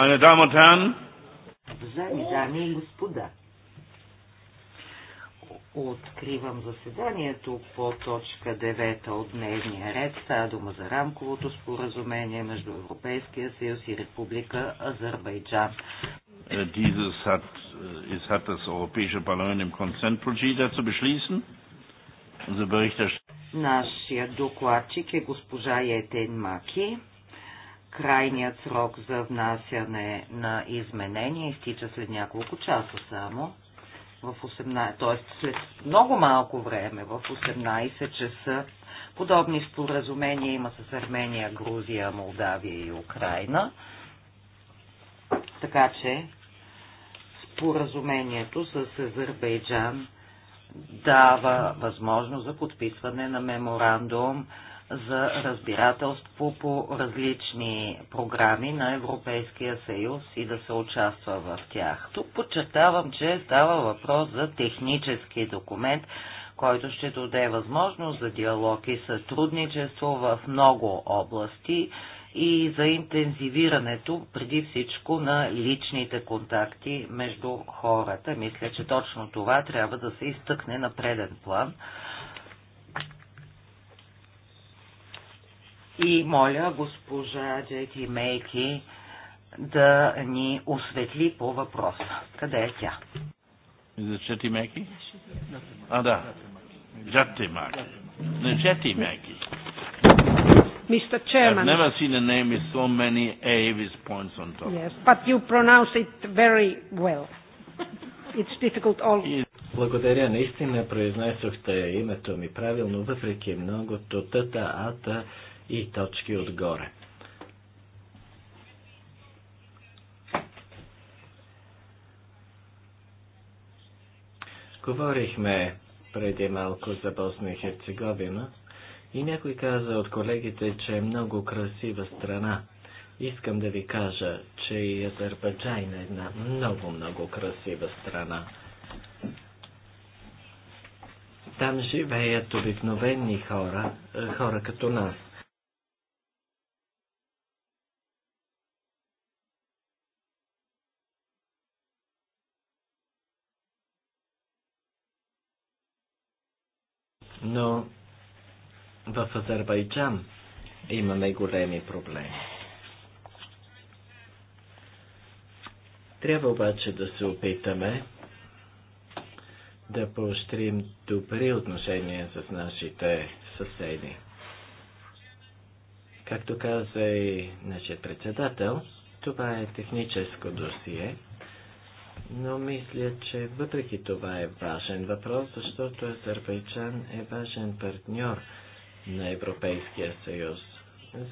Meine Damen und Herren, уважаеми дами и господа, откривам заседанието по точка 9 от дневния ред. Става дума за рамковото споразумение между Европейския съюз и Република Азербайджан. Äh, dieses hat, es äh, hat das Europäische Parlament im Consent zu beschließen. Unser Berichterstatter. Нашия докладчик е госпожа Етен Маки крайният срок за внасяне на изменения изтича след няколко часа само, в 18, т.е. след много малко време, в 18 часа. Подобни споразумения има с Армения, Грузия, Молдавия и Украина. Така че споразумението с Азербайджан дава възможност за подписване на меморандум за разбирателство по различни програми на Европейския съюз и да се участва в тях. Тук подчертавам, че става въпрос за технически документ, който ще даде възможност за диалог и сътрудничество в много области и за интензивирането преди всичко на личните контакти между хората. Мисля, че точно това трябва да се изтъкне на преден план И моля госпожа Джети Мейки да ни осветли по въпроса. Къде е тя? За Джети Мейки? А, да. Джети Мейки. Не, Джети Мейки. Mr. Chairman. I've never seen a name with so many A with points on top. Yes, but you pronounce it very well. It's difficult all... Благодаря, наистина произнесохте името ми правилно, въпреки многото тата, ата, и точки отгоре. Говорихме преди малко за Босна и Херцеговина и някой каза от колегите, че е много красива страна. Искам да ви кажа, че и Азербайджан е една много, много красива страна. Там живеят обикновени хора, хора като нас. В Азербайджан имаме големи проблеми. Трябва обаче да се опитаме да поощрим добри отношения с нашите съседи. Както каза и нашия председател, това е техническо досие, но мисля, че въпреки това е важен въпрос, защото Азербайджан е важен партньор на Европейския съюз.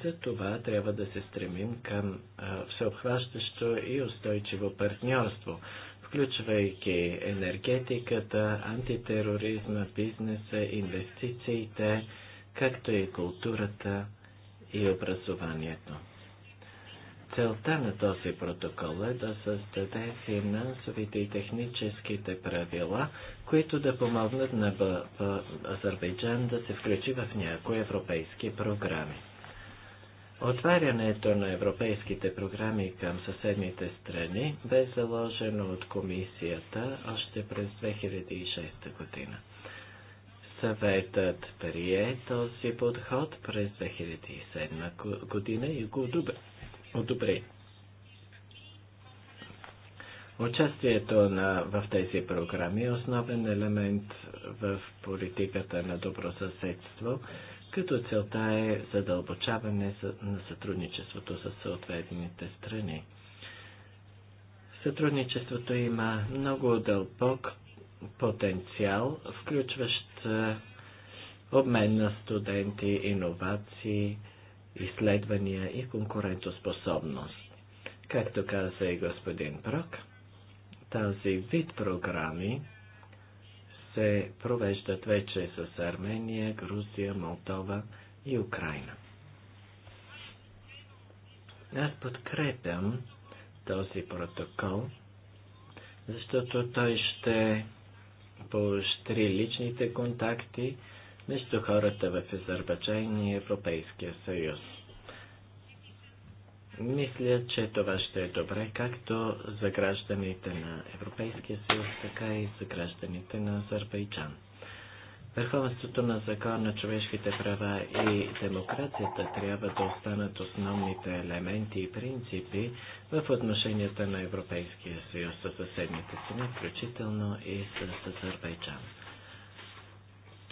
За това трябва да се стремим към всеобхващащо и устойчиво партньорство, включвайки енергетиката, антитероризма, бизнеса, инвестициите, както и културата и образованието. Целта на този протокол е да създаде финансовите и техническите правила, които да помогнат на Б... Б... Азербайджан да се включи в някои европейски програми. Отварянето на европейските програми към съседните страни бе заложено от комисията още през 2006 година. Съветът прие този подход през 2007 година и го добре одобри. Участието на, в тези програми е основен елемент в политиката на добро съседство, като целта е задълбочаване на сътрудничеството с съответните страни. Сътрудничеството има много дълбок потенциал, включващ обмен на студенти, иновации, изследвания и конкурентоспособност. Както каза и господин Прок, тази вид програми се провеждат вече с Армения, Грузия, Молдова и Украина. Аз подкрепям този протокол, защото той ще поощри личните контакти, между хората в Азербайджан и Европейския съюз. Мисля, че това ще е добре както за гражданите на Европейския съюз, така и за гражданите на Азербайджан. Върховенството на закон на човешките права и демокрацията трябва да останат основните елементи и принципи в отношенията на Европейския съюз с съседните страни, включително и с Азербайджан.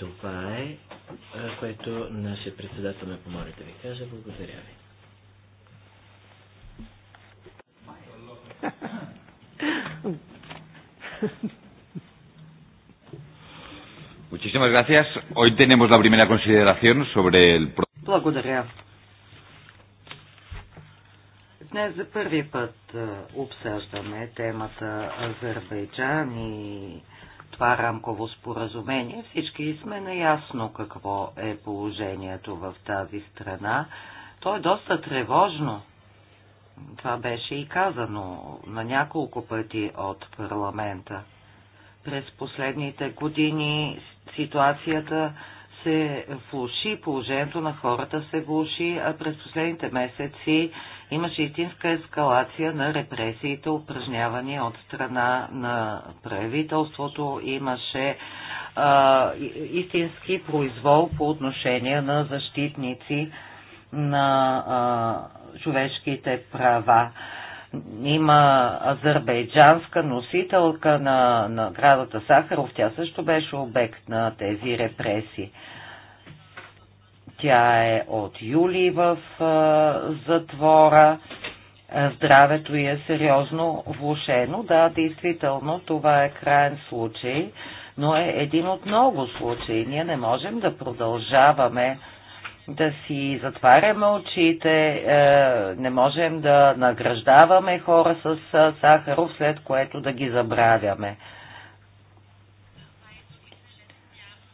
Това е, което нашия председател ме помоли да ви кажа. Благодаря ви. Muchísimas gracias. Hoy tenemos la primera consideración sobre el. Благодаря. Днес за първи път обсъждаме темата Азербайджан и това рамково споразумение. Всички сме наясно какво е положението в тази страна. То е доста тревожно. Това беше и казано на няколко пъти от парламента. През последните години ситуацията се влуши, положението на хората се влуши, а през последните месеци Имаше истинска ескалация на репресиите, упражнявани от страна на правителството. Имаше а, истински произвол по отношение на защитници на а, човешките права. Има азербайджанска носителка на наградата Сахаров, тя също беше обект на тези репресии. Тя е от юли в затвора. Здравето й е сериозно влушено. Да, действително, това е крайен случай, но е един от много случаи. Ние не можем да продължаваме да си затваряме очите, е, не можем да награждаваме хора с Сахаров, след което да ги забравяме.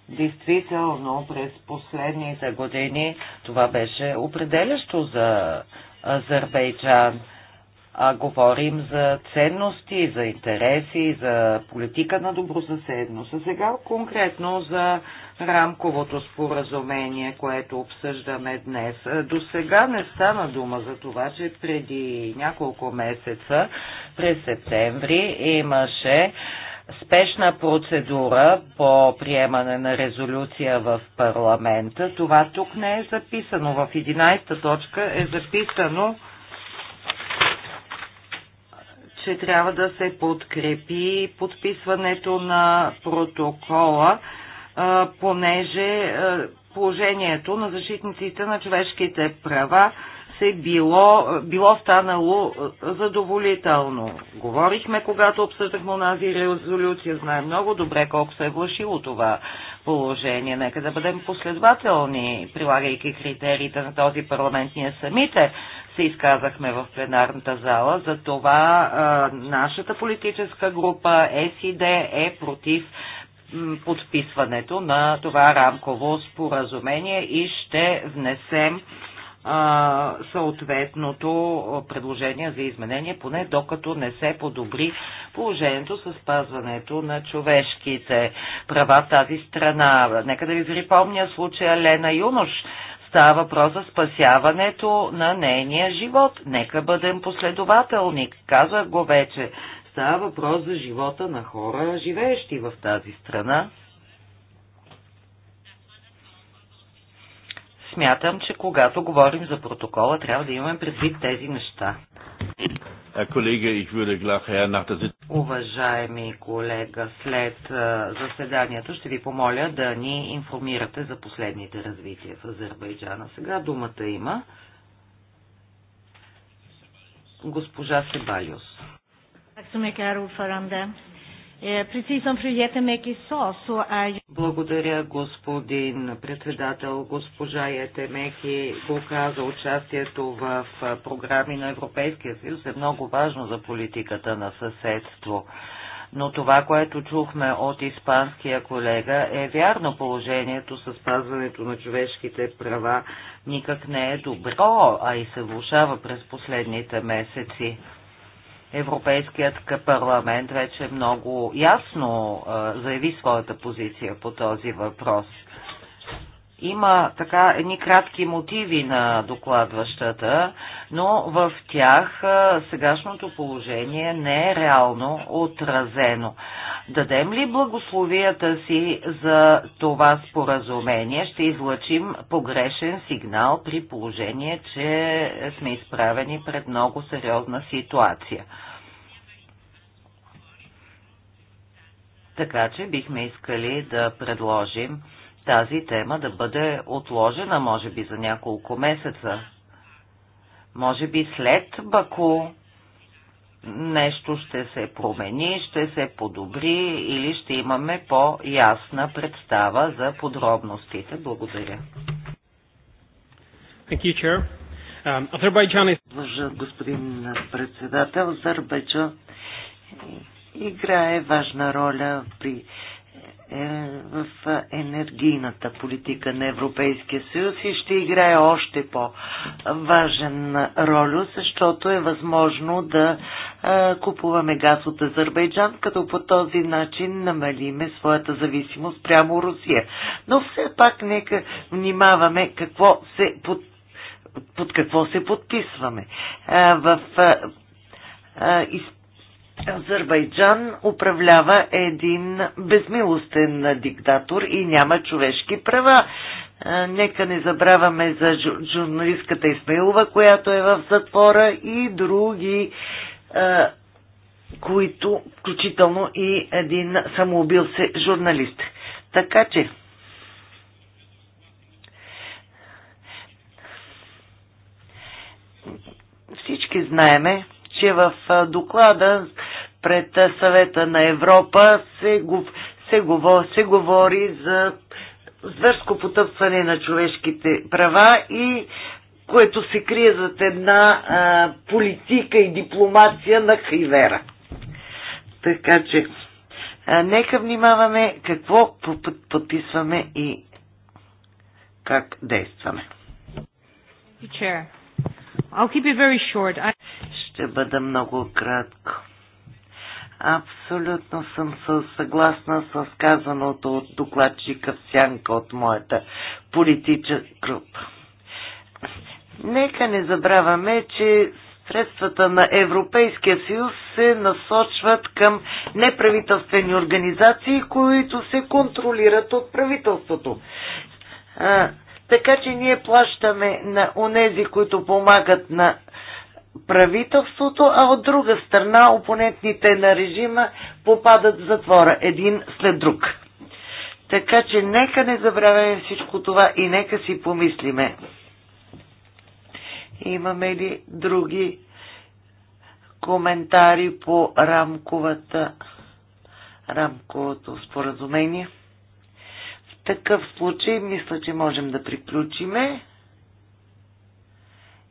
Действително, през последните години това беше определящо за Азербайджан. А говорим за ценности, за интереси, за политика на добросъседност. А сега конкретно за рамковото споразумение, което обсъждаме днес. До сега не стана дума за това, че преди няколко месеца, през септември, имаше спешна процедура по приемане на резолюция в парламента. Това тук не е записано. В 11 та точка е записано, че трябва да се подкрепи подписването на протокола, понеже положението на защитниците на човешките права се било, било станало е, задоволително. Говорихме, когато обсъждахме тази резолюция, знаем много добре колко се е влашило това положение. Нека да бъдем последователни, прилагайки критериите на този парламент. Ние самите се изказахме в пленарната зала, за това а, е, нашата политическа група СИД е против подписването на това рамково споразумение и ще внесем съответното предложение за изменение, поне докато не се подобри положението с спазването на човешките права в тази страна. Нека да ви припомня случая Лена Юнош. Става въпрос за спасяването на нейния живот. Нека бъдем последователни. Казах го вече. Става въпрос за живота на хора, живеещи в тази страна. смятам, че когато говорим за протокола, трябва да имаме предвид тези неща. Е, Колеги, gleich... Е, Уважаеми колега, след е, заседанието ще ви помоля да ни информирате за последните развития в Азербайджана. Сега думата има госпожа Себалиус. Tack så mycket, herr е, Благодаря господин председател. Госпожа Етемеки го каза, участието в програми на Европейския съюз е много важно за политиката на съседство. Но това, което чухме от испанския колега, е вярно положението с спазването на човешките права никак не е добро, а и се влушава през последните месеци Европейският парламент вече много ясно заяви своята позиция по този въпрос – има така едни кратки мотиви на докладващата, но в тях сегашното положение не е реално отразено. Дадем ли благословията си за това споразумение, ще излъчим погрешен сигнал при положение, че сме изправени пред много сериозна ситуация. Така че бихме искали да предложим тази тема да бъде отложена, може би за няколко месеца. Може би след Баку нещо ще се промени, ще се подобри или ще имаме по-ясна представа за подробностите. Благодаря. Thank you, Chair. Um, Азербайджан Господин председател, Азербайджан играе важна роля при е, в енергийната политика на Европейския съюз и ще играе още по-важен роля, защото е възможно да е, купуваме газ от Азербайджан, като по този начин намалиме своята зависимост прямо Русия. Но все пак нека внимаваме какво се под, под какво се подписваме. Е, в Азербайджан управлява един безмилостен диктатор и няма човешки права. Нека не забравяме за журналистката Исмаилова, която е в затвора и други, които, включително и един самоубил се журналист. Така че, всички знаеме, че в доклада пред съвета на Европа се, се, говори, се говори за зверско потъпване на човешките права и което се крие зад една а, политика и дипломация на Хайвера. Така че, а, нека внимаваме какво подписваме и как действаме. I'll keep it very short. I... Ще бъда много кратко. Абсолютно съм съгласна с казаното от докладчика в сянка от моята политическа група. Нека не забравяме, че средствата на Европейския съюз се насочват към неправителствени организации, които се контролират от правителството. А, така че ние плащаме на онези, които помагат на правителството, а от друга страна опонентните на режима попадат в затвора един след друг. Така че нека не забравяме всичко това и нека си помислиме. Имаме ли други коментари по рамковата, рамковото споразумение? В такъв случай мисля, че можем да приключиме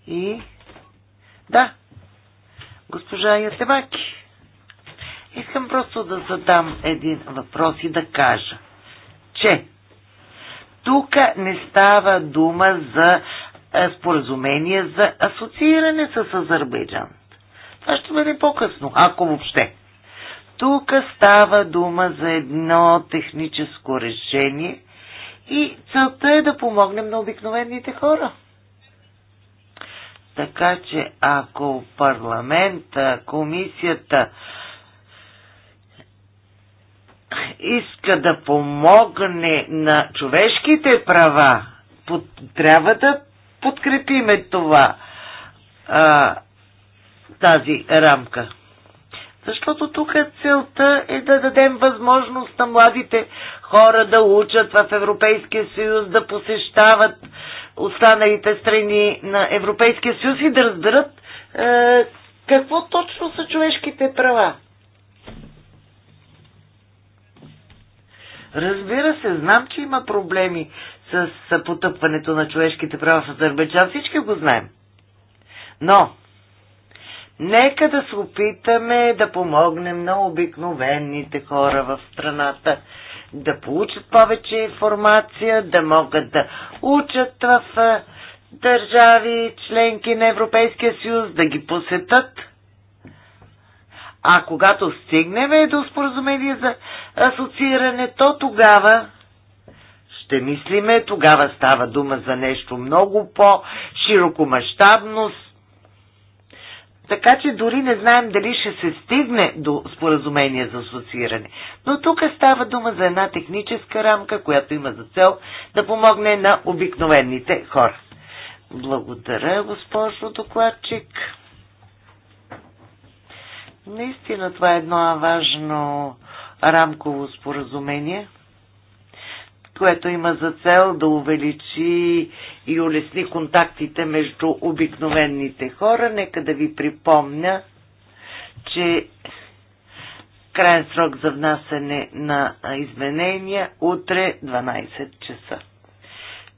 и да. Госпожа Ятебаки. Искам просто да задам един въпрос и да кажа, че тук не става дума за е, споразумение за асоцииране с Азербайджан. Това ще бъде по-късно, ако въобще. Тук става дума за едно техническо решение и целта е да помогнем на обикновените хора. Така че ако парламента, комисията иска да помогне на човешките права, под, трябва да подкрепиме това, а, тази рамка. Защото тук е целта е да дадем възможност на младите хора да учат в Европейския съюз, да посещават останалите страни на Европейския съюз и да разберат е, какво точно са човешките права. Разбира се, знам, че има проблеми с потъпването на човешките права в Азербайджан. Всички го знаем. Но, нека да се опитаме да помогнем на обикновените хора в страната да получат повече информация, да могат да учат в държави, членки на Европейския съюз, да ги посетат. А когато стигнем до споразумение за асоцииране, то тогава ще мислиме, тогава става дума за нещо много по-широкомащабно, така че дори не знаем дали ще се стигне до споразумение за асоцииране. Но тук става дума за една техническа рамка, която има за цел да помогне на обикновените хора. Благодаря, госпожо докладчик. Наистина това е едно важно рамково споразумение което има за цел да увеличи и улесни контактите между обикновените хора. Нека да ви припомня, че крайен срок за внасене на изменения утре 12 часа.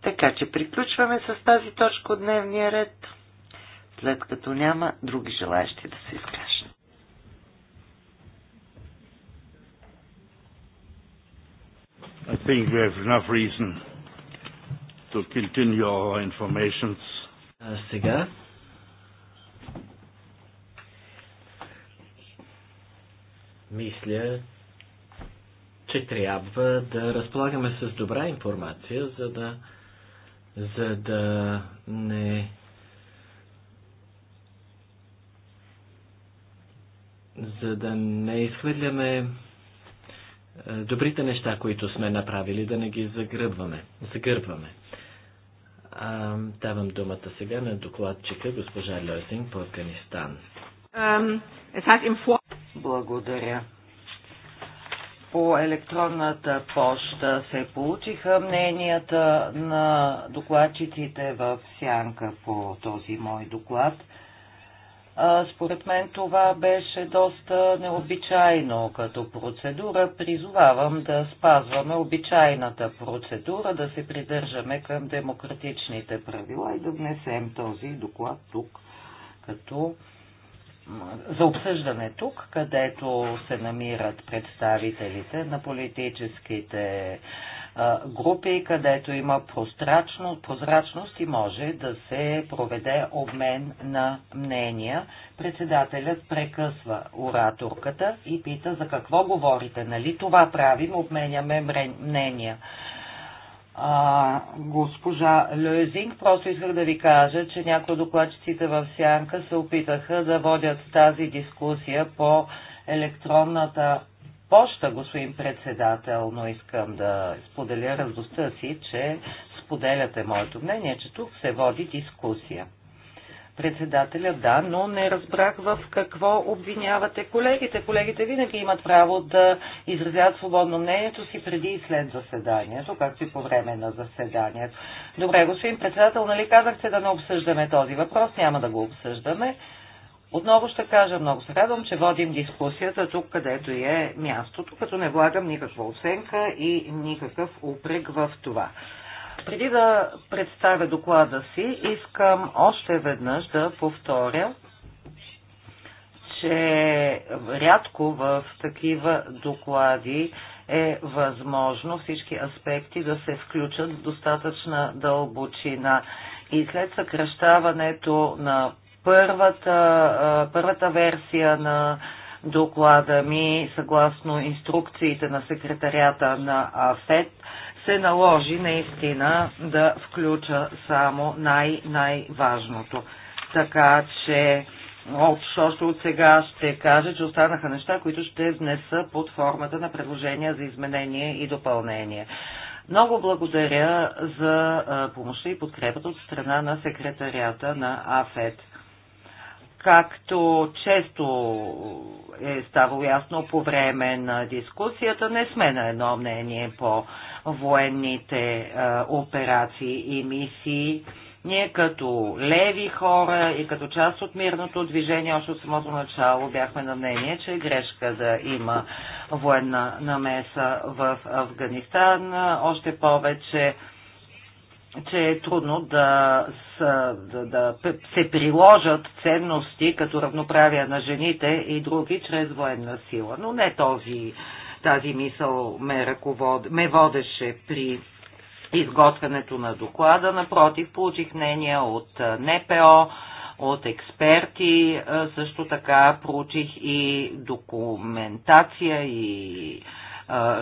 Така че приключваме с тази точка от дневния ред, след като няма други желаящи да се изкажат. I think we have enough reason to continue our informations. А сега мисля, че трябва да разполагаме с добра информация, за да, за да не за да не изхвърляме е, добрите неща, които сме направили, да не ги загръбваме, загърбваме. А, давам думата сега на докладчика госпожа Льосинг по Афганистан. Е, Благодаря. По електронната поща се получиха мненията на докладчиците в сянка по този мой доклад – според мен това беше доста необичайно като процедура. Призовавам да спазваме обичайната процедура, да се придържаме към демократичните правила и да внесем този доклад тук като за обсъждане тук, където се намират представителите на политическите групи, където има прозрачно, прозрачност и може да се проведе обмен на мнения. Председателят прекъсва ораторката и пита за какво говорите, нали това правим, обменяме мнения. А, госпожа Лезинг, просто исках да ви кажа, че някои докладчиците в Сянка се опитаха да водят тази дискусия по електронната поща, господин председател, но искам да споделя радостта си, че споделяте моето мнение, че тук се води дискусия. Председателя, да, но не разбрах в какво обвинявате колегите. Колегите винаги имат право да изразят свободно мнението си преди и след заседанието, както и по време на заседанието. Добре, господин председател, нали казахте да не обсъждаме този въпрос, няма да го обсъждаме. Отново ще кажа, много се радвам, че водим дискусията тук, където е мястото, като не влагам никаква оценка и никакъв упрек в това. Преди да представя доклада си, искам още веднъж да повторя, че рядко в такива доклади е възможно всички аспекти да се включат в достатъчна дълбочина. И след съкръщаването на първата, първата версия на доклада ми, съгласно инструкциите на секретарята на АФЕД, се наложи наистина да включа само най-най-важното. Така че общо още от сега ще кажа, че останаха неща, които ще внеса под формата на предложения за изменение и допълнение. Много благодаря за помощта и подкрепата от страна на секретарията на АФЕД както често е ставало ясно по време на дискусията, не сме на едно мнение по военните е, операции и мисии. Ние като леви хора и като част от мирното движение още от самото начало бяхме на мнение, че е грешка да има военна намеса в Афганистан. Още повече че е трудно да, са, да, да се приложат ценности като равноправие на жените и други чрез военна сила. Но не този, тази мисъл ме, ръковод, ме водеше при изготвянето на доклада. Напротив, получих мнение от НПО, от експерти, също така проучих и документация и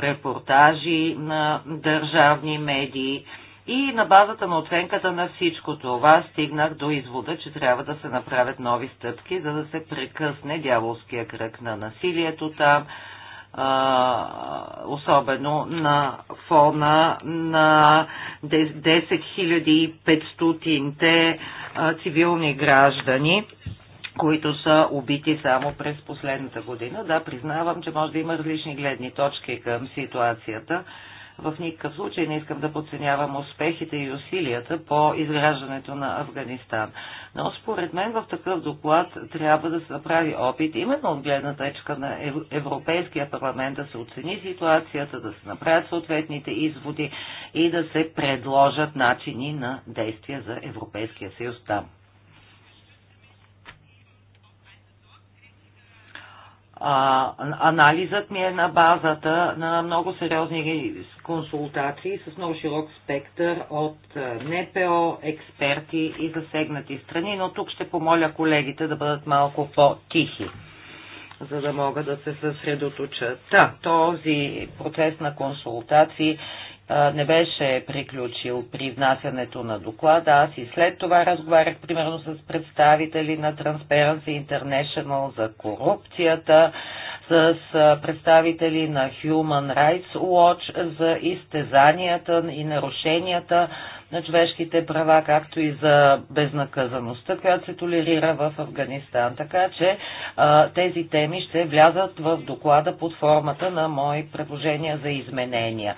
репортажи на държавни медии и на базата на оценката на всичко това стигнах до извода, че трябва да се направят нови стъпки, за да се прекъсне дяволския кръг на насилието там, особено на фона на 10 500-те цивилни граждани, които са убити само през последната година. Да, признавам, че може да има различни гледни точки към ситуацията, в никакъв случай не искам да подценявам успехите и усилията по изграждането на Афганистан. Но според мен в такъв доклад трябва да се направи опит именно от гледна точка на Европейския парламент да се оцени ситуацията, да се направят съответните изводи и да се предложат начини на действия за Европейския съюз там. а, анализът ми е на базата на много сериозни консултации с много широк спектър от е, НПО, експерти и засегнати страни, но тук ще помоля колегите да бъдат малко по-тихи за да могат да се съсредоточат. Та, този процес на консултации не беше приключил при внасянето на доклада. Аз и след това разговарях примерно с представители на Transparency International за корупцията, с представители на Human Rights Watch за изтезанията и нарушенията на човешките права, както и за безнаказаността, която се толерира в Афганистан. Така че а, тези теми ще влязат в доклада под формата на мои предложения за изменения.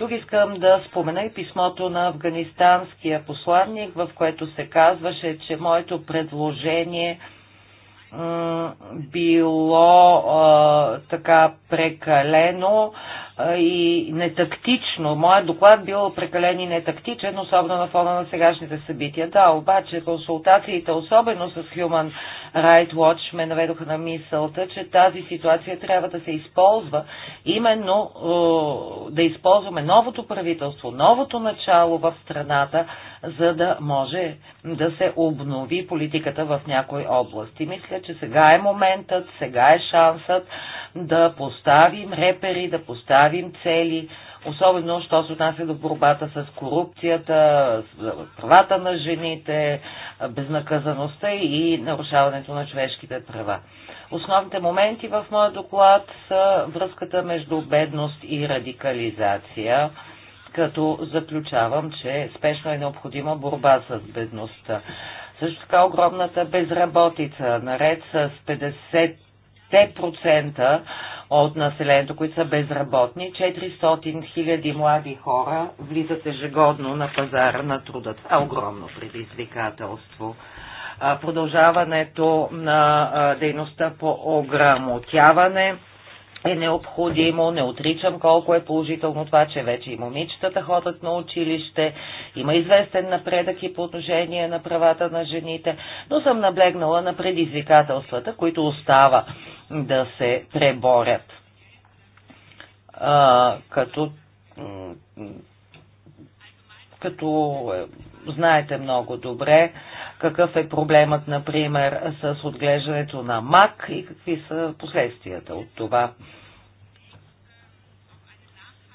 Тук искам да спомена и писмото на афганистанския посланник, в което се казваше, че моето предложение било а, така прекалено и нетактично. Моят доклад бил прекален и нетактичен, особено на фона на сегашните събития. Да, обаче консултациите, особено с Human Rights Watch, ме наведоха на мисълта, че тази ситуация трябва да се използва именно да използваме новото правителство, новото начало в страната, за да може да се обнови политиката в някои области. Мисля, че сега е моментът, сега е шансът да поставим репери, да поставим поставим цели, особено, що се отнася до борбата с корупцията, с правата на жените, безнаказаността и нарушаването на човешките права. Основните моменти в моя доклад са връзката между бедност и радикализация, като заключавам, че спешно е необходима борба с бедността. Също така огромната безработица, наред с 50% от населението, които са безработни. 400 хиляди млади хора влизат ежегодно на пазара на труда. Това е огромно предизвикателство. Продължаването на дейността по ограмотяване е необходимо. Не отричам колко е положително това, че вече и момичетата ходят на училище. Има известен напредък и по отношение на правата на жените, но съм наблегнала на предизвикателствата, които остава да се преборят. А, като като знаете много добре какъв е проблемът, например, с отглеждането на мак и какви са последствията от това.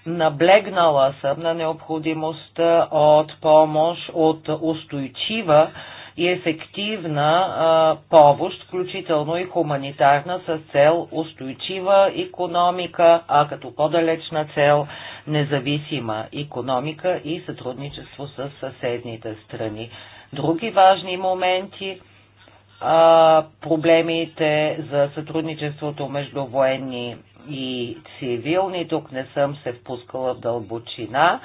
Наблегнала съм на необходимостта от помощ, от устойчива и ефективна а, помощ, включително и хуманитарна, с цел устойчива економика, а като по-далечна цел независима економика и сътрудничество с съседните страни. Други важни моменти а, проблемите за сътрудничеството между военни и цивилни, тук не съм се впускала в дълбочина.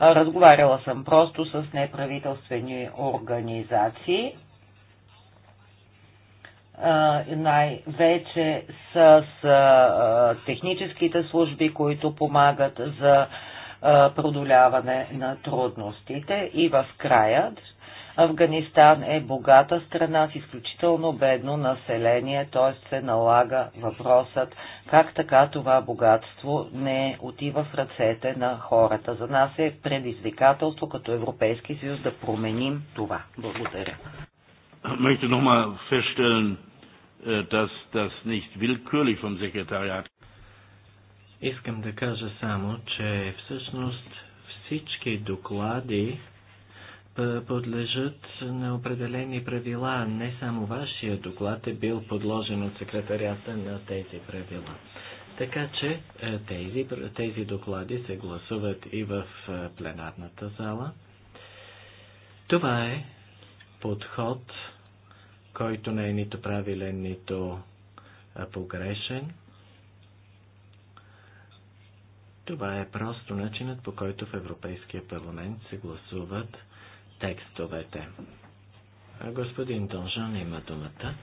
Разговаряла съм просто с неправителствени организации, най-вече с техническите служби, които помагат за продоляване на трудностите и в края Афганистан е богата страна с изключително бедно население, т.е. се налага въпросът как така това богатство не отива в ръцете на хората. За нас е предизвикателство като Европейски съюз да променим това. Благодаря. Äh, Искам да кажа само, че всъщност всички доклади е, подлежат на определени правила. Не само вашия доклад е бил подложен от секретарята на тези правила. Така че е, тези, тези доклади се гласуват и в е, пленарната зала. Това е подход, който не е нито правилен, нито погрешен. Това е просто начинът по който в Европейския парламент се гласуват текстовете. А господин Донжан има думата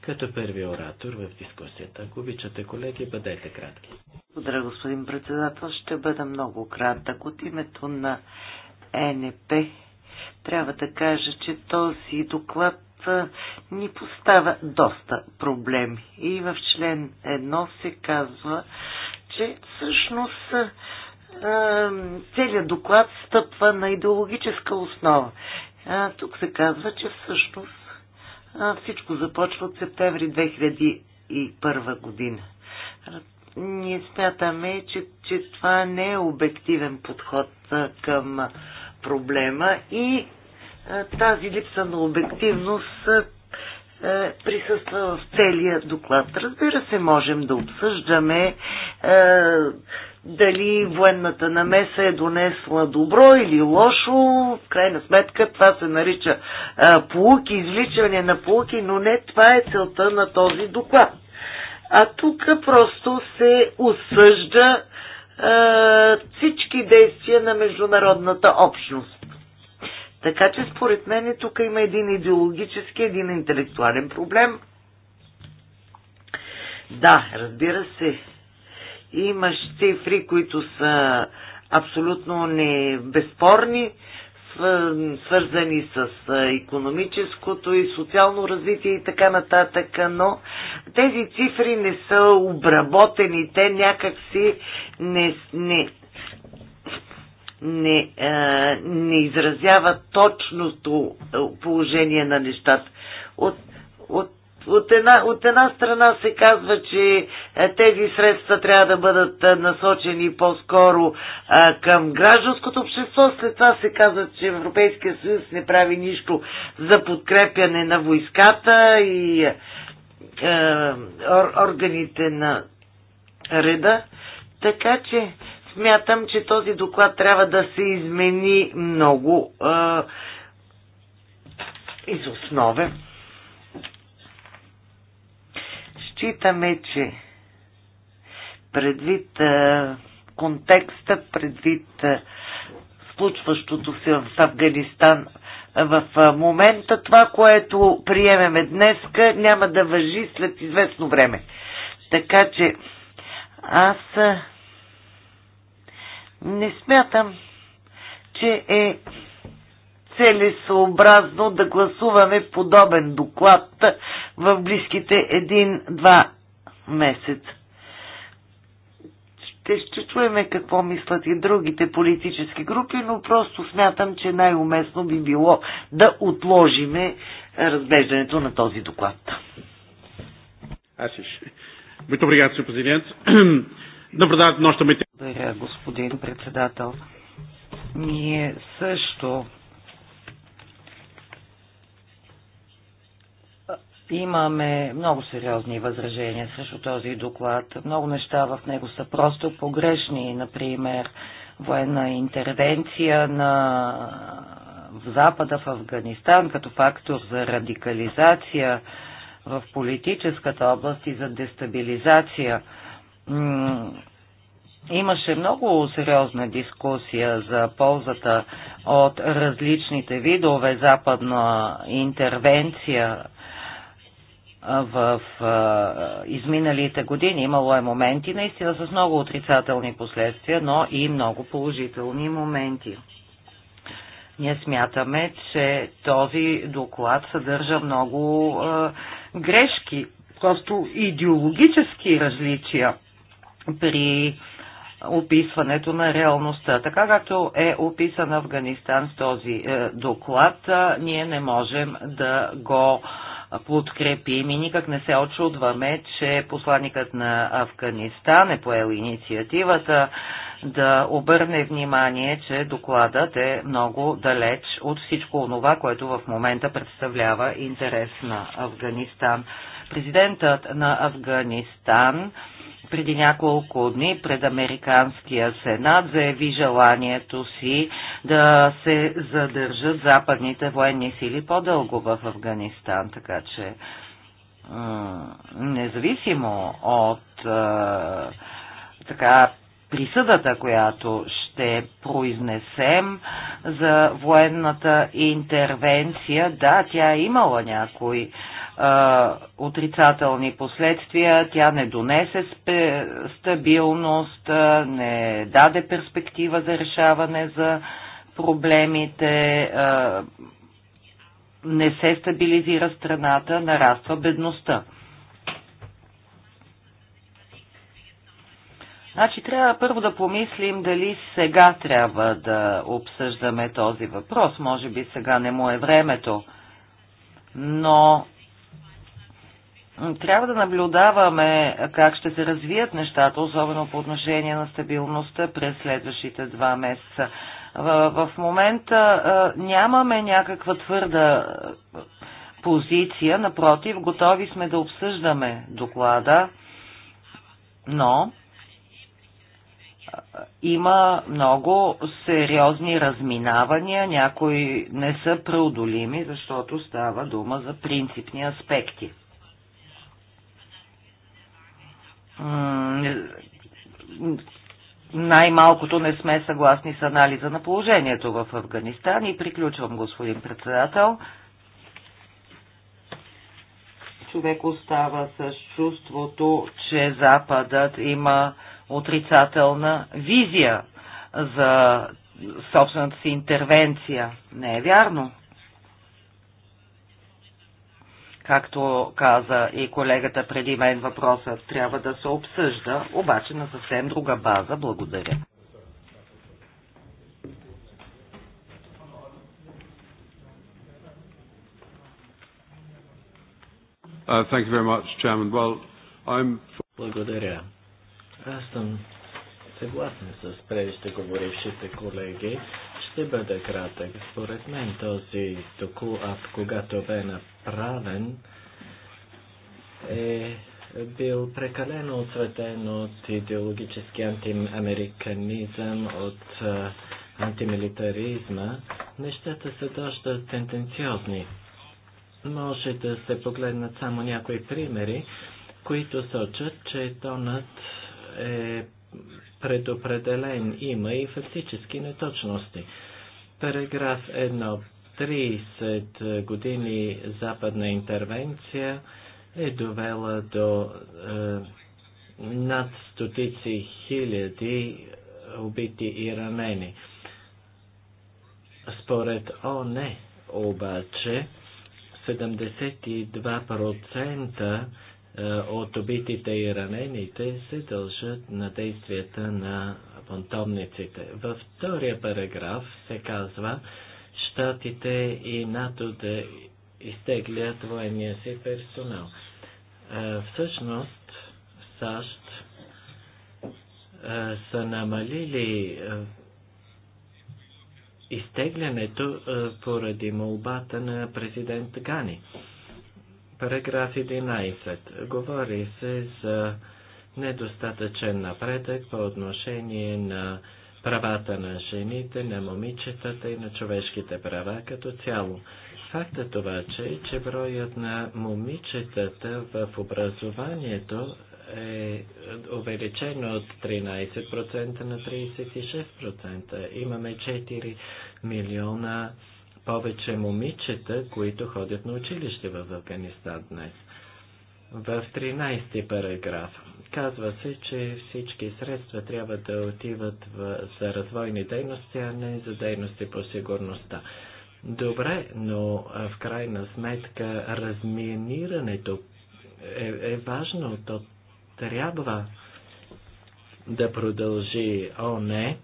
като първи оратор в дискусията. Ако обичате, колеги, бъдете кратки. Благодаря, господин председател. Ще бъда много кратък. От името на ЕНП трябва да кажа, че този доклад ни поставя доста проблеми. И в член 1 се казва, че всъщност целият доклад стъпва на идеологическа основа. Тук се казва, че всъщност всичко започва от септември 2001 година. Ние смятаме, че, че това не е обективен подход към проблема и тази липса на обективност присъства в целия доклад. Разбира се, можем да обсъждаме дали военната намеса е донесла добро или лошо, в крайна сметка това се нарича а, полуки, извличане на полуки, но не това е целта на този доклад. А тук просто се осъжда а, всички действия на международната общност. Така че според мен тук има един идеологически, един интелектуален проблем. Да, разбира се, имаш цифри, които са абсолютно не безспорни, свързани с економическото и социално развитие и така нататък, но тези цифри не са обработени, те някакси не, не, не, а, не изразяват точното положение на нещата. От, от от една, от една страна се казва, че е, тези средства трябва да бъдат е, насочени по-скоро е, към гражданското общество, след това се казва, че Европейския съюз не прави нищо за подкрепяне на войската и е, ор, органите на реда. Така че смятам, че този доклад трябва да се измени много е, из основе. Считаме, че предвид контекста, предвид случващото се в Афганистан в момента, това, което приемеме днеска, няма да въжи след известно време. Така че аз не смятам, че е целесообразно да гласуваме подобен доклад в близките един-два месеца. Ще, ще чуеме какво мислят и другите политически групи, но просто смятам, че най-уместно би било да отложиме разглеждането на този доклад. Благодаря, господин председател. Ние също Имаме много сериозни възражения срещу този доклад. Много неща в него са просто погрешни. Например, военна интервенция на в Запада, в Афганистан, като фактор за радикализация в политическата област и за дестабилизация. Имаше много сериозна дискусия за ползата от различните видове западна интервенция в а, изминалите години. Имало е моменти, наистина с много отрицателни последствия, но и много положителни моменти. Ние смятаме, че този доклад съдържа много а, грешки, просто идеологически различия при описването на реалността. Така както е описан Афганистан в този е, доклад, а, ние не можем да го а, подкрепим и никак не се очудваме, че посланникът на Афганистан е поел инициативата да обърне внимание, че докладът е много далеч от всичко онова, което в момента представлява интерес на Афганистан. Президентът на Афганистан преди няколко дни пред Американския сенат заяви желанието си да се задържат западните военни сили по-дълго в Афганистан, така че независимо от така присъдата, която ще произнесем за военната интервенция, да, тя е имала някои а, отрицателни последствия. Тя не донесе стабилност, не даде перспектива за решаване за проблемите, а, не се стабилизира страната, нараства бедността. Значи трябва първо да помислим дали сега трябва да обсъждаме този въпрос. Може би сега не му е времето. Но трябва да наблюдаваме как ще се развият нещата, особено по отношение на стабилността през следващите два месеца. В момента нямаме някаква твърда позиция, напротив, готови сме да обсъждаме доклада, но има много сериозни разминавания, някои не са преодолими, защото става дума за принципни аспекти. най-малкото не сме съгласни с анализа на положението в Афганистан и приключвам, господин председател. Човек остава с чувството, че Западът има отрицателна визия за собствената си интервенция. Не е вярно. Както каза и колегата преди мен, въпросът трябва да се обсъжда, обаче на съвсем друга база. Благодаря. Uh, thank you very much, Chairman. Well, I'm... Благодаря. Аз съм съгласен с преждеговорившите колеги ще бъде кратък. Според мен този доклад, когато бе направен, е бил прекалено отсветен от идеологически антиамериканизъм, от антимилитаризма. Нещата са доста тенденциозни. Може да се погледнат само някои примери, които сочат, че тонът е предопределен, има и фактически неточности. Параграф 1. 30 години западна интервенция е довела до е, над стотици хиляди убити и ранени. Според ОНЕ обаче 72% е, от убитите и ранените се дължат на действията на бунтовниците. Във втория параграф се казва, щатите и НАТО да изтеглят военния си персонал. Е, всъщност, САЩ е, са намалили изтеглянето поради молбата на президент Гани. Параграф 11. Говори се за недостатъчен напредък по отношение на правата на жените, на момичетата и на човешките права като цяло. Фактът обаче е, че броят на момичетата в образованието е увеличен от 13% на 36%. Имаме 4 милиона повече момичета, които ходят на училище в Афганистан днес. В 13 параграф казва се, че всички средства трябва да отиват в, за развойни дейности, а не за дейности по сигурността. Добре, но в крайна сметка разминирането е, е важно, то трябва да продължи. О, не!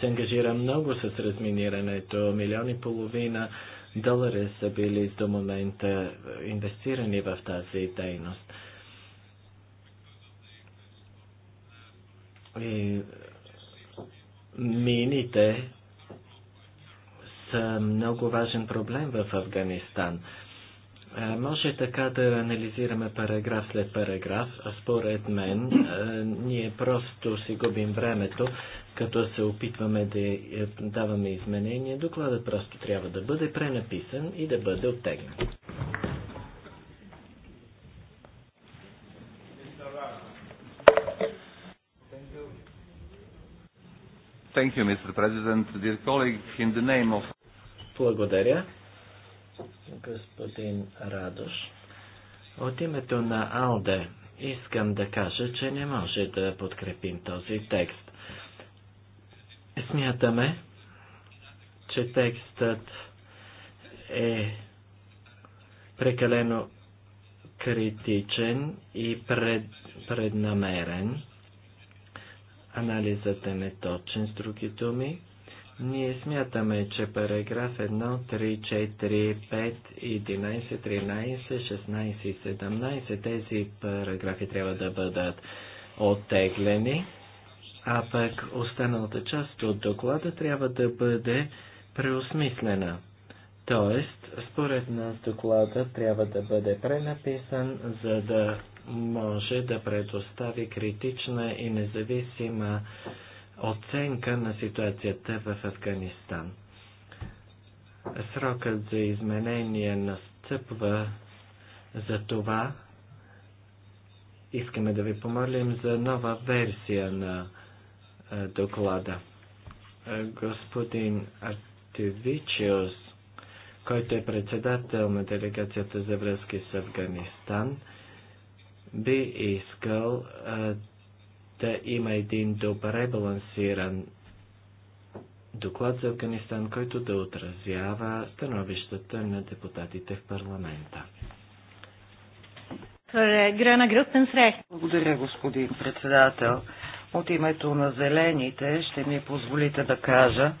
се ангажира много с разминирането. Милиони и половина долари са били до момента инвестирани в тази дейност. И мините са много важен проблем в Афганистан. Може така да анализираме параграф след параграф. Според мен, ние просто си губим времето като се опитваме да е, даваме изменения, докладът просто трябва да бъде пренаписан и да бъде оттеглен. Thank you, Mr. President. Dear colleague, in the name of... Благодаря, господин Радош. От името на АЛДЕ искам да кажа, че не може да подкрепим този текст. Смятаме, че текстът е прекалено критичен и пред, преднамерен. Анализът е неточен, с други думи. Ние смятаме, че параграф 1, 3, 4, 5, 11, 13, 16 и 17, тези параграфи трябва да бъдат оттеглени а пък останалата част от доклада трябва да бъде преосмислена. Тоест, според нас доклада трябва да бъде пренаписан, за да може да предостави критична и независима оценка на ситуацията в Афганистан. Срокът за изменение настъпва за това искаме да ви помолим за нова версия на е, доклада. Е, господин Артевичиос, който е председател на делегацията за връзки с Афганистан, би искал е, да има един добре балансиран доклад за Афганистан, който да отразява становищата на депутатите в парламента. Благодаря, господин председател. От името на зелените ще ми позволите да кажа,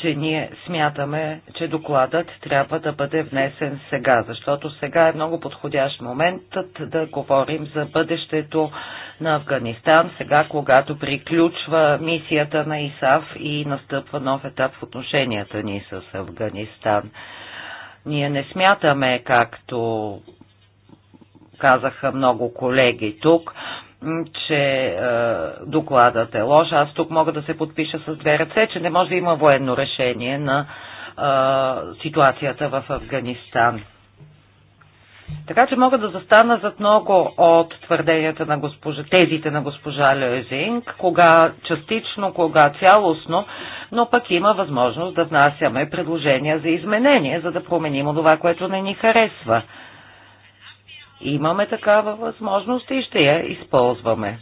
че ние смятаме, че докладът трябва да бъде внесен сега, защото сега е много подходящ моментът да говорим за бъдещето на Афганистан, сега когато приключва мисията на ИСАФ и настъпва нов етап в отношенията ни с Афганистан. Ние не смятаме, както казаха много колеги тук, че докладът е лош. Аз тук мога да се подпиша с две ръце, че не може да има военно решение на ситуацията в Афганистан. Така че мога да застана зад много от твърденията на госпожа, тезите на госпожа Лезинг, кога частично, кога цялостно, но пък има възможност да внасяме предложения за изменение, за да променим това, което не ни харесва. Имаме такава възможност и ще я използваме.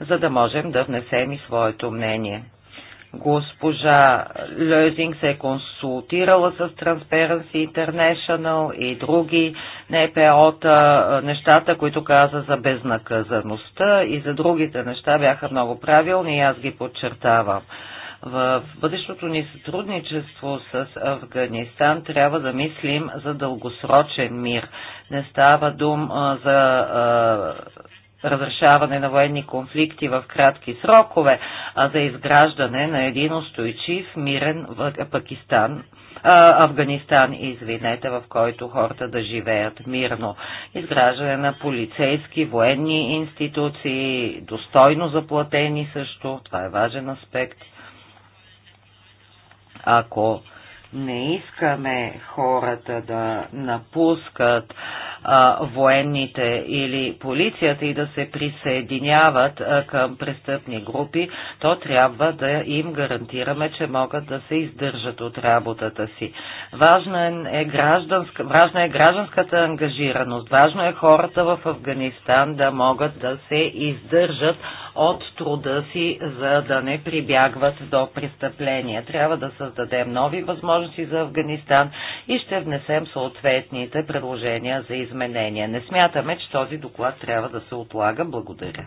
за да можем да внесем и своето мнение. Госпожа Лезинг се е консултирала с Transparency International и други НПО-та. Нещата, които каза за безнаказаността и за другите неща бяха много правилни и аз ги подчертавам. В бъдещото ни сътрудничество с Афганистан трябва да мислим за дългосрочен мир. Не става дум за разрешаване на военни конфликти в кратки срокове, а за изграждане на един устойчив, мирен Пакистан. Афганистан, извинете, в който хората да живеят мирно. Изграждане на полицейски, военни институции, достойно заплатени също, това е важен аспект. Ако не искаме хората да напускат а, военните или полицията и да се присъединяват а, към престъпни групи, то трябва да им гарантираме, че могат да се издържат от работата си. Важна е, гражданска, важна е гражданската ангажираност, важно е хората в Афганистан да могат да се издържат от труда си, за да не прибягват до престъпления. Трябва да създадем нови възможности за Афганистан и ще внесем съответните предложения за изменения. Не смятаме, че този доклад трябва да се отлага. Благодаря.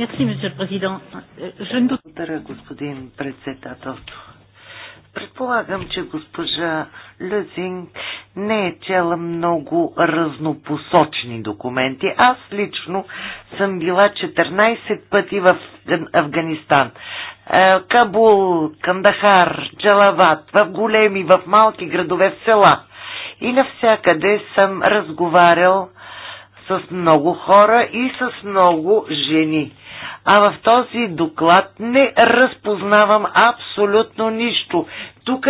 Euh, Благодаря, господин председател. Предполагам, че госпожа Лезинг не е чела много разнопосочни документи. Аз лично съм била 14 пъти в Афганистан. Е, Кабул, Кандахар, Джалават, в големи, в малки градове, в села. И навсякъде съм разговарял с много хора и с много жени а в този доклад не разпознавам абсолютно нищо. Тук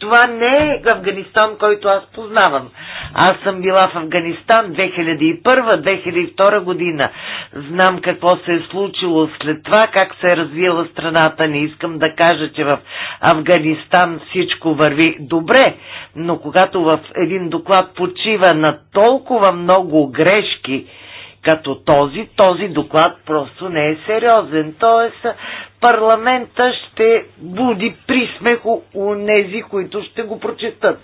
това не е Афганистан, който аз познавам. Аз съм била в Афганистан 2001-2002 година. Знам какво се е случило след това, как се е развила страната. Не искам да кажа, че в Афганистан всичко върви добре, но когато в един доклад почива на толкова много грешки, като този, този доклад просто не е сериозен. Тоест, парламента ще буди присмех у нези, които ще го прочитат.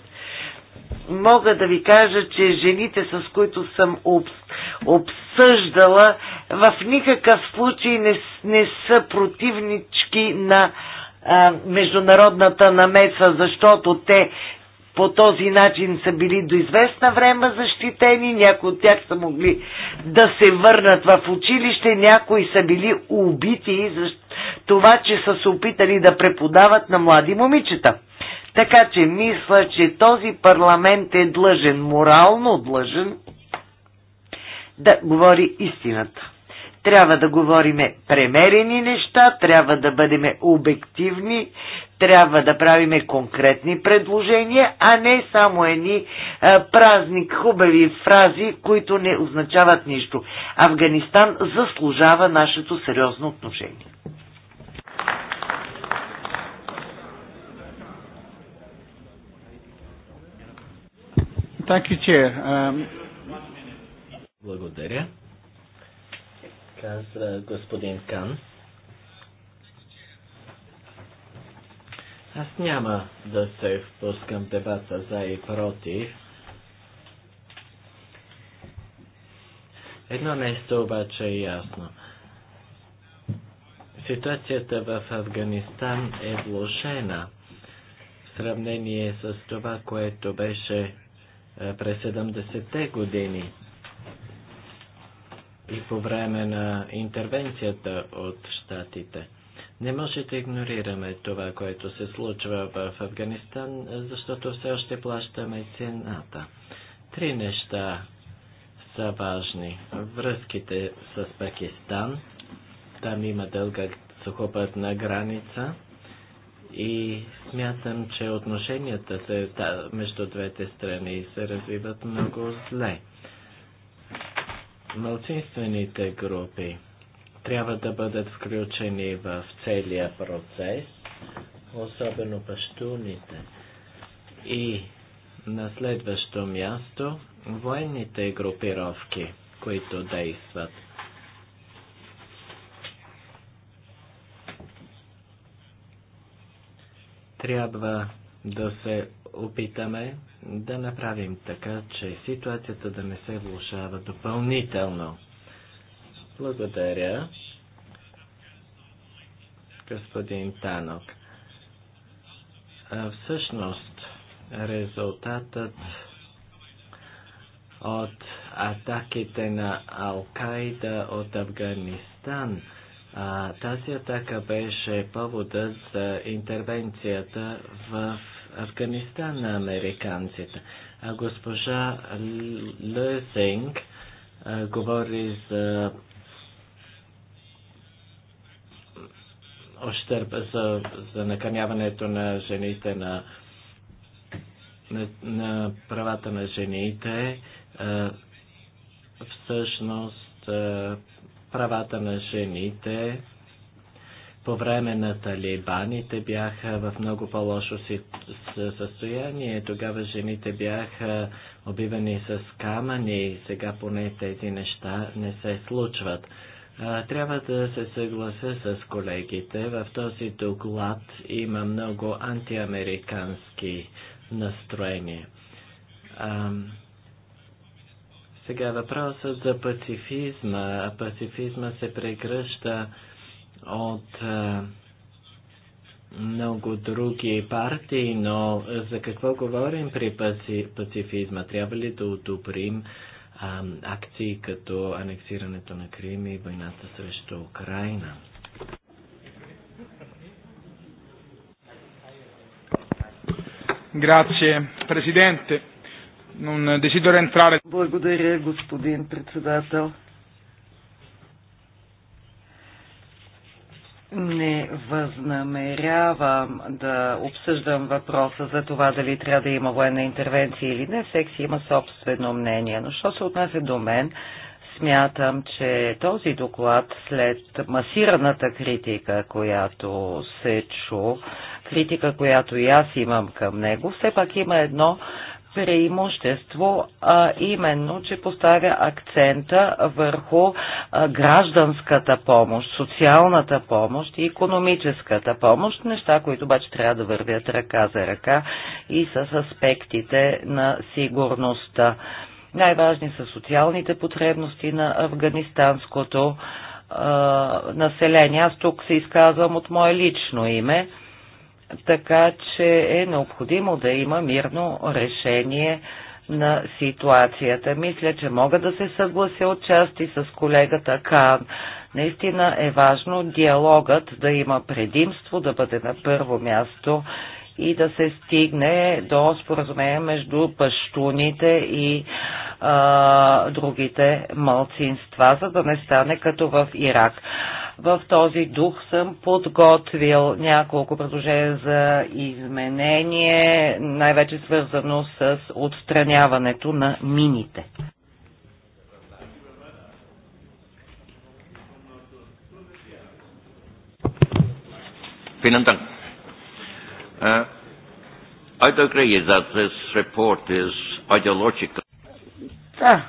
Мога да ви кажа, че жените, с които съм обсъждала, в никакъв случай не, не са противнички на а, международната намеса, защото те по този начин са били до известна време защитени, някои от тях са могли да се върнат в училище, някои са били убити за това, че са се опитали да преподават на млади момичета. Така че мисля, че този парламент е длъжен, морално длъжен, да говори истината. Трябва да говориме премерени неща, трябва да бъдем обективни, трябва да правиме конкретни предложения, а не само едни а, празник, хубави фрази, които не означават нищо. Афганистан заслужава нашето сериозно отношение. Um, Благодаря. Каза господин Кан. Аз няма да се впускам дебата за и против. Едно нещо обаче е ясно. Ситуацията в Афганистан е вложена в сравнение с това, което беше е, през 70-те години и по време на интервенцията от щатите. Не може да игнорираме това, което се случва в Афганистан, защото все още плащаме цената. Три неща са важни. Връзките с Пакистан. Там има дълга сухопътна граница и смятам, че отношенията се, между двете страни се развиват много зле. Малцинствените групи трябва да бъдат включени в целия процес, особено пащуните. И на следващо място военните групировки, които действат. Трябва да се опитаме да направим така, че ситуацията да не се влушава допълнително. Благодаря, господин Танок. Всъщност, резултатът от атаките на Алкайда от Афганистан. А, тази атака беше поводът за интервенцията в Афганистан на американците. А госпожа Лъзинг говори за ощърп за, за накърняването на жените, на, на, на правата на жените. Всъщност, правата на жените по време на талибаните бяха в много по-лошо състояние. Тогава жените бяха убивани с камъни. Сега поне тези неща не се случват. Трябва да се съглася с колегите. В този доклад има много антиамерикански настроения. Сега въпросът за пацифизма. Пацифизма се прегръща от а, много други партии, но за какво говорим при паци, пацифизма? Трябва ли да одобрим а, акции като анексирането на Крим и войната срещу Украина. Grazie Presidente. Non desidero entrare. Благодаря, господин председател. не възнамерявам да обсъждам въпроса за това дали трябва да има военна интервенция или не. Всеки има собствено мнение. Но що се отнася до мен, смятам, че този доклад след масираната критика, която се чу, критика, която и аз имам към него, все пак има едно преимущество, а именно, че поставя акцента върху гражданската помощ, социалната помощ и економическата помощ, неща, които обаче трябва да вървят ръка за ръка и с аспектите на сигурността. Най-важни са социалните потребности на афганистанското а, население. Аз тук се изказвам от мое лично име така че е необходимо да има мирно решение на ситуацията. Мисля, че мога да се съглася отчасти с колегата Кан. Наистина е важно диалогът да има предимство, да бъде на първо място и да се стигне до споразумение между пащуните и а, другите мълцинства, за да не стане като в Ирак. В този дух съм подготвил няколко предложения за изменение, най-вече свързано с отстраняването на мините. Финантан. Dank. Uh, I'd agree that this report is ideological. Да,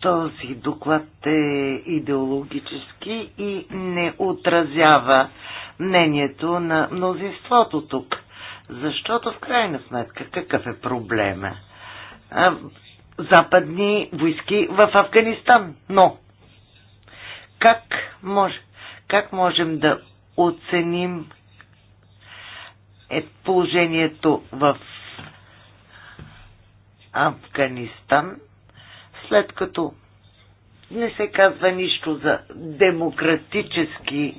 този доклад е идеологически и не отразява мнението на мнозинството тук. Защото в крайна сметка какъв е проблема? западни войски в Афганистан. Но как, може, как можем да оценим е положението в Афганистан след като не се казва нищо за демократически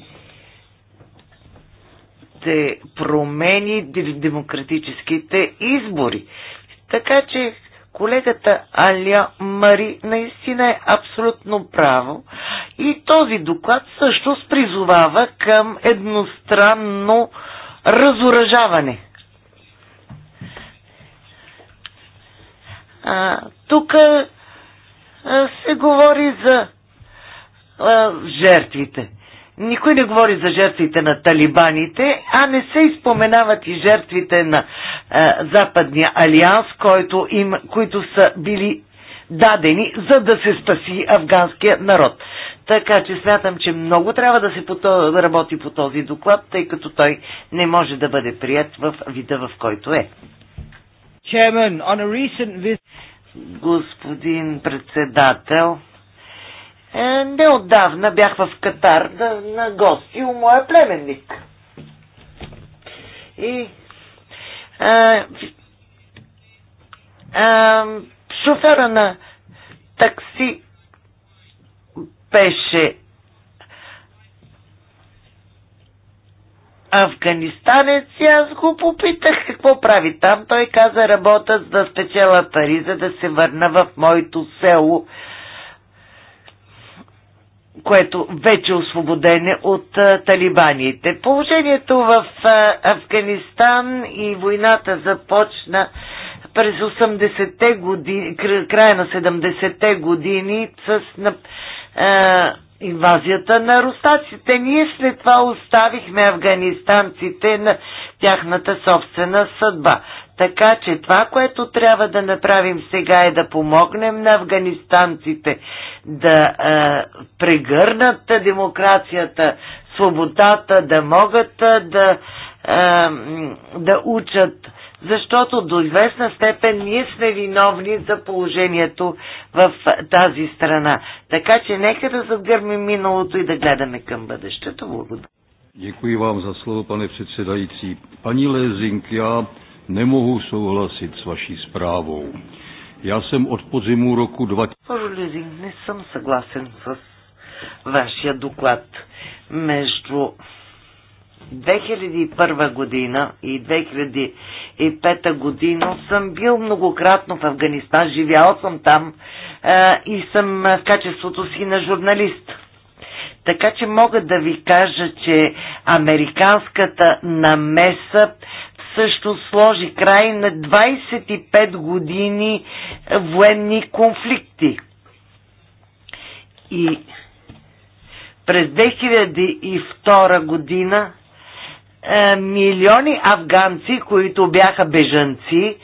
те промени, демократическите избори. Така че колегата Аля Мари наистина е абсолютно право и този доклад също призовава към едностранно разоръжаване. А, тук се говори за а, жертвите. Никой не говори за жертвите на талибаните, а не се изпоменават и жертвите на а, Западния алианс, който им, които са били дадени, за да се спаси афганския народ. Така че смятам, че много трябва да се пото... работи по този доклад, тъй като той не може да бъде прият в вида, в който е. Chairman, on a recent visit господин председател. Е, неотдавна бях в Катар да, на гости у моя племенник. И е, е, шофера на такси беше афганистанец и аз го попитах какво прави там. Той каза работят да спечела пари, за да се върна в моето село, което вече е освободене от а, талибаните. Положението в а, Афганистан и войната започна през 80-те години, края на 70-те години с а, инвазията на рустаците. Ние след това оставихме афганистанците на тяхната собствена съдба. Така че това, което трябва да направим сега е да помогнем на афганистанците да а, прегърнат демокрацията, свободата, да могат а, да, а, да учат защото до известна степен ние сме виновни за положението в тази страна. Така че нека да загърмим миналото и да гледаме към бъдещето. Благодаря. Děkuji vám za slovo, pane předsedající. Paní Lézink, já nemohu souhlasit s vaší zprávou. Já jsem od podzimu roku 2000... Pane Lézink, nejsem souhlasen s vaším doklad. Между 2001 година и 2005 година съм бил многократно в Афганистан, живял съм там а, и съм в качеството си на журналист. Така че мога да ви кажа, че американската намеса също сложи край на 25 години военни конфликти. И през 2002 година е, милиони афганци, които бяха бежанци,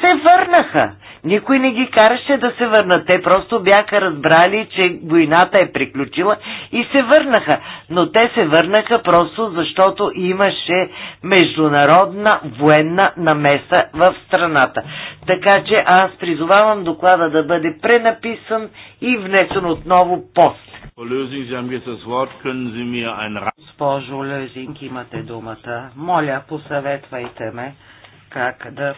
се върнаха. Никой не ги караше да се върнат. Те просто бяха разбрали, че войната е приключила и се върнаха. Но те се върнаха просто защото имаше международна военна намеса в страната. Така че аз призовавам доклада да бъде пренаписан и внесен отново пост. Госпожо Лезинг, имате думата. Моля, посъветвайте ме как да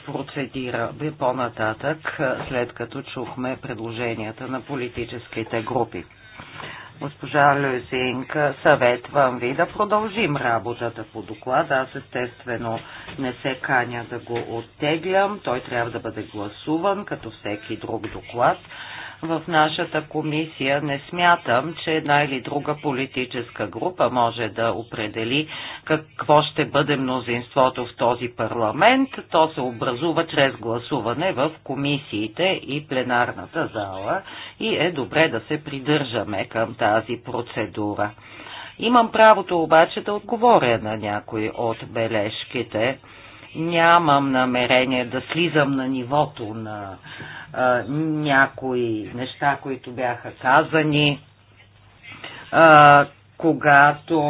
би по-нататък, след като чухме предложенията на политическите групи. Госпожа Лезинг, съветвам ви да продължим работата по доклада. Аз естествено не се каня да го оттеглям. Той трябва да бъде гласуван, като всеки друг доклад в нашата комисия не смятам, че една или друга политическа група може да определи какво ще бъде мнозинството в този парламент. То се образува чрез гласуване в комисиите и пленарната зала и е добре да се придържаме към тази процедура. Имам правото обаче да отговоря на някои от бележките. Нямам намерение да слизам на нивото на а, някои неща, които бяха казани. А, когато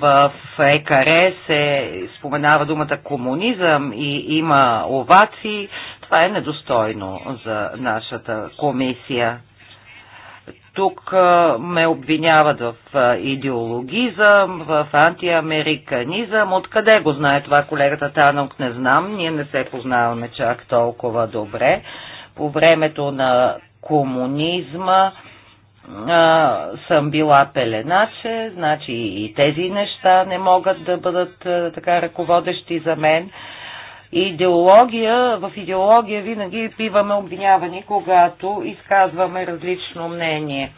в ЕКАРЕ се споменава думата комунизъм и има овации, това е недостойно за нашата комисия. Тук ме обвиняват в идеологизъм, в антиамериканизъм. Откъде го знае това колегата Танок, не знам. Ние не се познаваме чак толкова добре по времето на комунизма а, съм била пеленаче, значи и тези неща не могат да бъдат а, така ръководещи за мен. Идеология, в идеология винаги биваме обвинявани, когато изказваме различно мнение.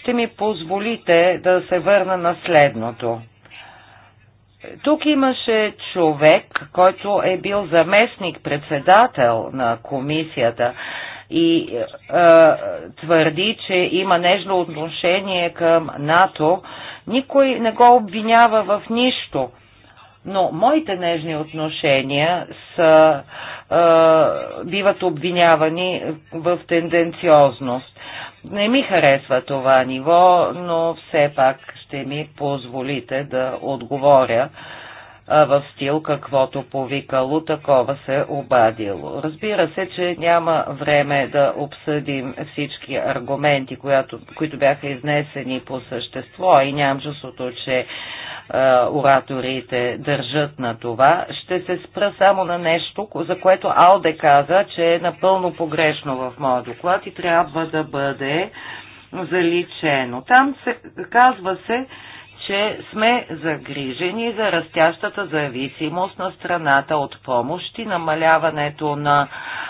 Ще ми позволите да се върна на следното. Тук имаше човек, който е бил заместник-председател на комисията и е, е, твърди, че има нежно отношение към НАТО. Никой не го обвинява в нищо. Но моите нежни отношения са, е, биват обвинявани в тенденциозност. Не ми харесва това ниво, но все пак ще ми позволите да отговоря в стил каквото повикало, такова се обадило. Разбира се, че няма време да обсъдим всички аргументи, която, които бяха изнесени по същество и нямам чувството, че е, ораторите държат на това. Ще се спра само на нещо, за което Алде каза, че е напълно погрешно в моя доклад и трябва да бъде заличено. Там се, казва се, че сме загрижени за растящата зависимост на страната от помощи, намаляването на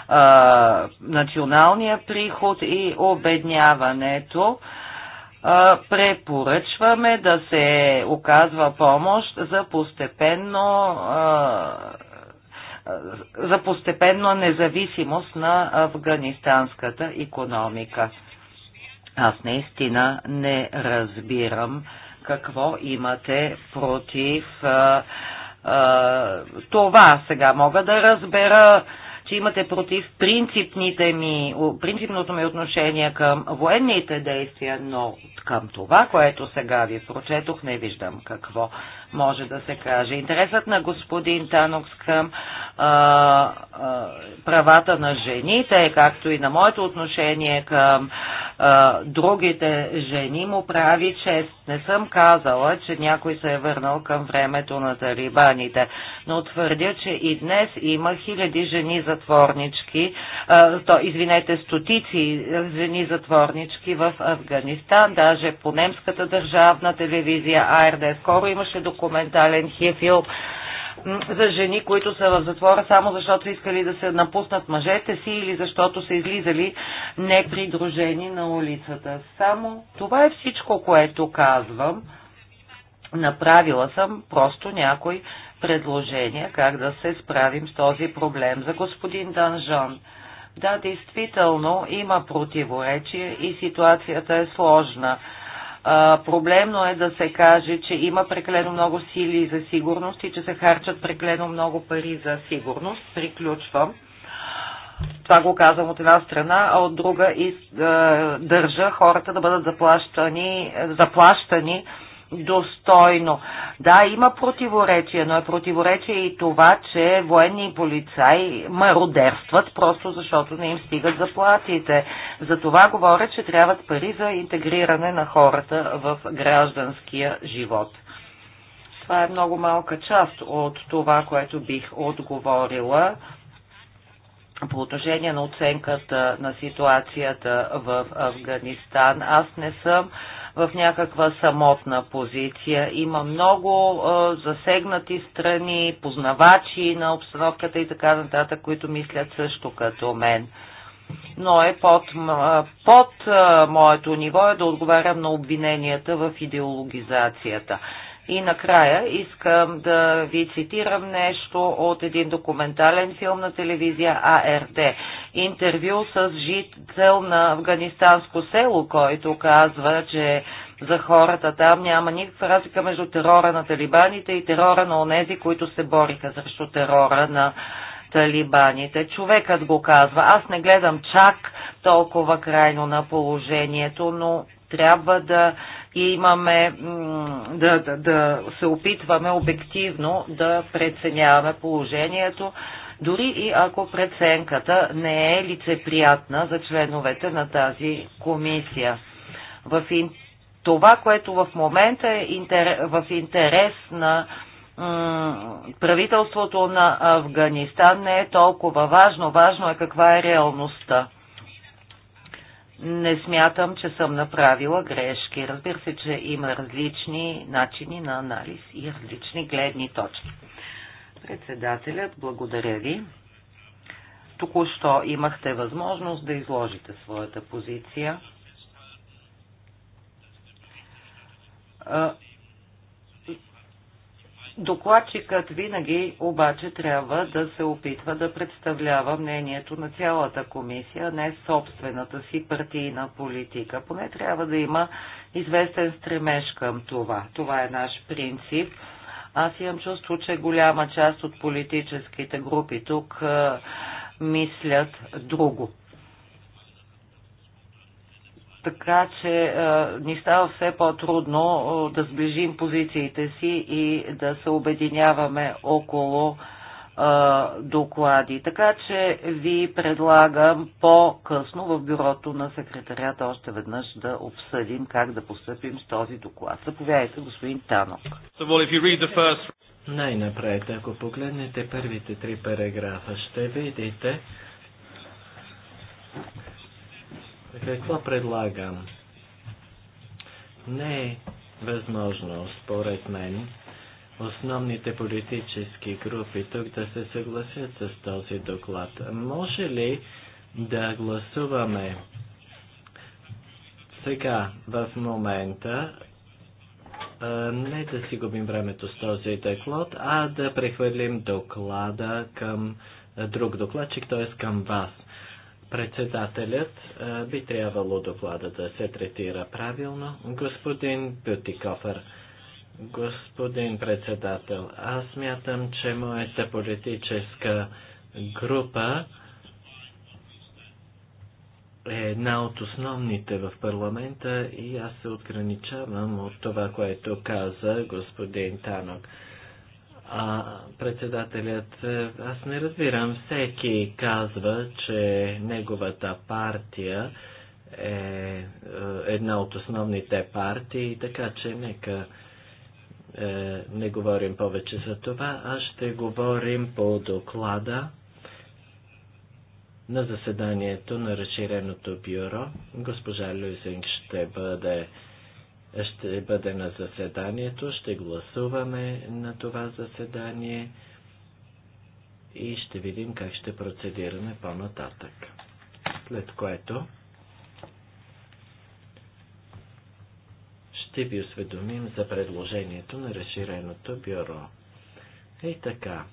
а, националния приход и обедняването. А, препоръчваме да се оказва помощ за постепенно а, за постепенна независимост на афганистанската економика. Аз наистина не разбирам какво имате против а, а, това. Сега мога да разбера, че имате против принципните ми, принципното ми отношение към военните действия, но към това, което сега ви прочетох, не виждам какво може да се каже. Интересът на господин Танокс към а, а, правата на жените, както и на моето отношение към а, другите жени, му прави чест. Не съм казала, че някой се е върнал към времето на талибаните, но твърдя, че и днес има хиляди жени затворнички, а, то, извинете, стотици жени затворнички в Афганистан, даже по немската държавна телевизия АРД. Скоро имаше документален филм за жени, които са в затвора само защото са искали да се напуснат мъжете си или защото са излизали непридружени на улицата. Само това е всичко, което казвам. Направила съм просто някои предложения как да се справим с този проблем. За господин Данжон. Да, действително има противоречие и ситуацията е сложна. А, проблемно е да се каже, че има преклено много сили за сигурност и че се харчат преклено много пари за сигурност. Приключвам. Това го казвам от една страна, а от друга и, държа хората да бъдат заплащани, заплащани достойно. Да, има противоречие, но е противоречие и това, че военни полицаи мародерстват, просто защото не им стигат заплатите. За това говоря, че трябват пари за интегриране на хората в гражданския живот. Това е много малка част от това, което бих отговорила по отношение на оценката на ситуацията в Афганистан. Аз не съм в някаква самотна позиция. Има много а, засегнати страни, познавачи на обстановката и така нататък, които мислят също като мен. Но е под, под моето ниво е да отговарям на обвиненията в идеологизацията. И накрая искам да ви цитирам нещо от един документален филм на телевизия АРД. Интервю с жител на афганистанско село, който казва, че за хората там няма никаква разлика между терора на талибаните и терора на онези, които се бориха срещу терора на талибаните. Човекът го казва. Аз не гледам чак толкова крайно на положението, но трябва да и имаме да, да, да се опитваме обективно да преценяваме положението, дори и ако преценката не е лицеприятна за членовете на тази комисия. В това, което в момента е интер... в интерес на правителството на Афганистан не е толкова важно. Важно е каква е реалността не смятам, че съм направила грешки. Разбира се, че има различни начини на анализ и различни гледни точки. Председателят, благодаря ви. Току-що имахте възможност да изложите своята позиция. Докладчикът винаги обаче трябва да се опитва да представлява мнението на цялата комисия, не собствената си партийна политика. Поне трябва да има известен стремеж към това. Това е наш принцип. Аз имам чувство, че голяма част от политическите групи тук мислят друго така че ни става все по-трудно да сближим позициите си и да се обединяваме около доклади. Така че ви предлагам по-късно в бюрото на секретарията още веднъж да обсъдим как да поступим с този доклад. Заповядайте, господин Танок. Най-напред, ако погледнете първите три параграфа, ще видите, какво предлагам? Не е възможно, според мен, основните политически групи тук да се съгласят с този доклад. Може ли да гласуваме сега, в момента, не да си губим времето с този доклад, а да прехвърлим доклада към друг докладчик, т.е. към вас. Председателят би трябвало доклада да се третира правилно. Господин Бютикофър, господин председател, аз мятам, че моята политическа група е една от основните в парламента и аз се отграничавам от това, което каза господин Танок. А председателят, е, аз не разбирам, всеки казва, че неговата партия е, е една от основните партии, така че нека е, не говорим повече за това, а ще говорим по доклада на заседанието на разширеното бюро. Госпожа Люзинг ще бъде ще бъде на заседанието, ще гласуваме на това заседание и ще видим как ще процедираме по-нататък. След което ще ви осведомим за предложението на разширеното бюро. И така,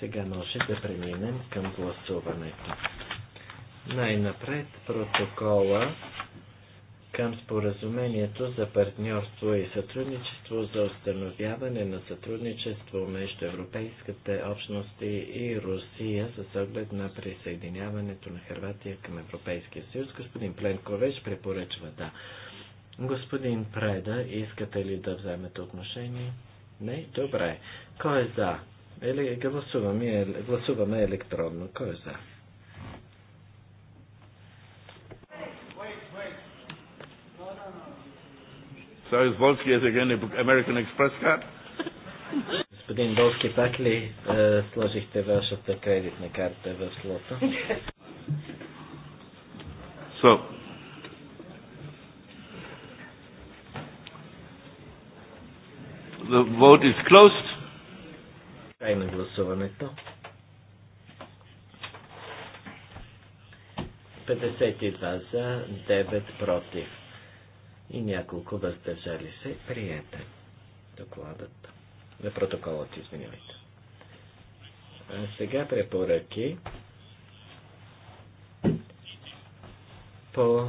сега може да преминем към гласуването. Най-напред протокола към споразумението за партньорство и сътрудничество за установяване на сътрудничество между Европейската общност и Русия за оглед на присъединяването на Харватия към Европейския съюз. Господин Пленкович препоръчва да. Господин Преда, искате ли да вземете отношение? Не? Добре. Кой е за? Или гласуваме, гласуваме електронно. Кой е за? Cyrus Volsky has again an American Express card. Господин Волски, пак ли е, сложихте вашата кредитна карта в слота? So, the vote is closed. Край на гласуването. 52 за, 9 против и няколко въздържали се. приета. докладът. На протоколът, извинявайте. А сега препоръки по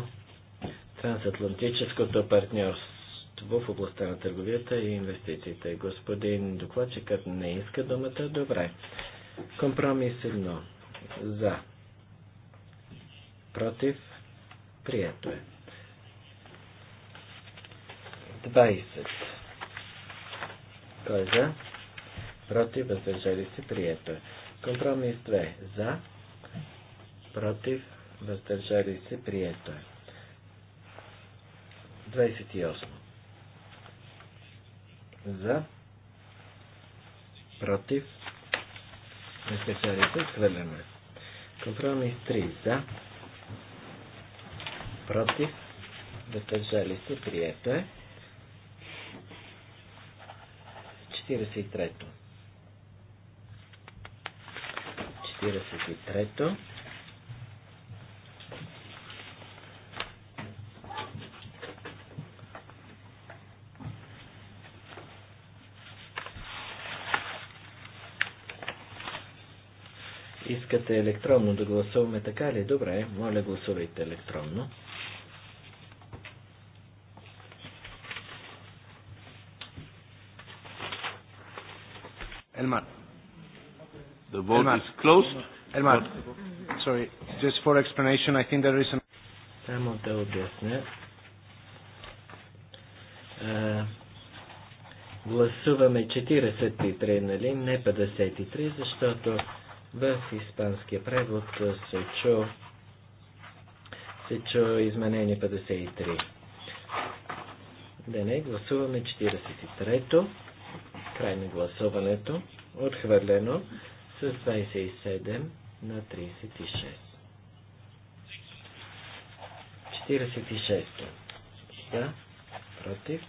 трансатлантическото партньорство в областта на търговията и инвестициите. Господин докладчикът не иска думата. Добре. Компромис едно. За. Против. Прието е. 20. Кой е за? Против, въздържали се, прието е. Компромис 2. За, против, въздържали се, прието е. 28. За, против, въздържали се, хвърляме. Компромис 3. За, против, въздържали се, прието е. 43-то. 43-то. Искате електронно да гласуваме така ли? Добре, моля гласувайте електронно. vote Elmar. is closed. Elmar, But... sorry, just for explanation, I think there is some. Само да обясня. А, е, гласуваме 43, нали? Не 53, защото в испанския превод се чу, се чу изменение 53. Да не, гласуваме 43-то. Край на гласуването. Отхвърлено с 27 на 36. 46. За, против,